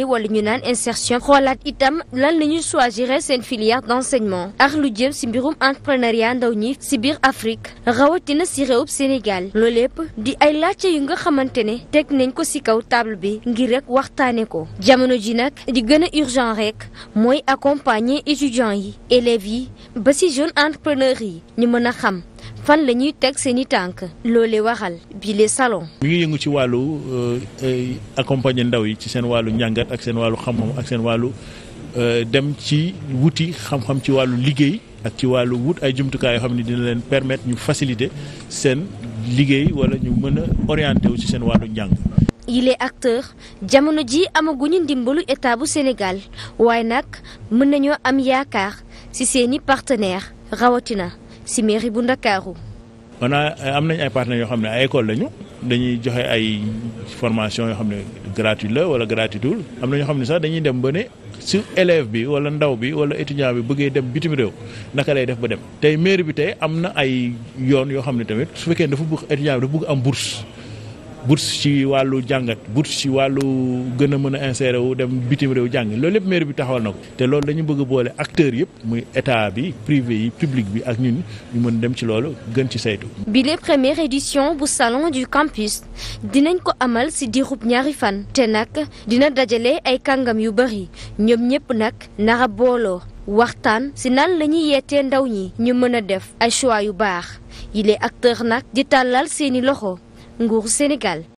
mobilité wala ñu naan insertion xoolaat itam lan la ñuy choisir seen filière d'enseignement ak lu jëm ci mbirum entrepreneuriat ndaw ñi ci biir Afrique rawatina ci réewub Sénégal loolu lépp di ay laajte yu nga xamante ne teg nañ ko ci kaw table bi ngir rek waxtaane ko jamono ji nag di gën a urgent rek mooy accompagner étudiants yi élèves yi ba ci jeunes entrepreneurs yi ñu mën a xam fan la ñuy teg seen i tànk loolee waxal bi les salon mi ngi yëngu ci wàllu euh, accompagner ndaw yi ci seen wàllu njàngat ak seen wàllu xam-xam ak seen wàllu euh, dem ci wuti xam-xam ci wàllu liggéey ak ci wàllu wut ay jumtukaay yoo xam ne dina leen permettre ñu faciliter seen liggéey wala ñu mën a orienté wu ci seen wàllu njàng. yile acteur jamono ji amaguñu ndimbalu état bu Sénégal waaye nag mën nañoo am yaakaar ci seeni partenaire rawatina ci bu Ndakaaru on a am nañ ay partenaires yoo xam ne ay école lañu dañuy joxe ay formation yoo xam ne gratuite la wala gratuitul am na ñoo xam ne sax dañuy dem ba ne su élève bi wala ndaw bi wala étudiant bi bëggee dem bitim réew naka lay def ba dem tey maire bi tey am na ay yoon yoo xam ne tamit su fekkee dafa bëgg étudiant bi dafa bëgg am bourse bourse ci wàllu jàngat bourse ci wàllu gën a mën a insérer wu dem bitim réew jàng loolu lépp maire bi taxawal na ko te loolu dañu bëgg boole acteurs yëpp muy état bi privé yi public bi ak ñun ñu mën dem ci loolu gën ci saytu. bi les première édition bu salon du campus dinañ ko amal ci diirub ñaari fan. te nag dina dajale ay kàngam yu bari ñoom ñëpp nag nara booloo waxtaan ci nan lañuy ñuy ndaw ñi ñu mën a def ay choix yu baax yi les nag di tàllal seeni loxo. nguuru Sénégal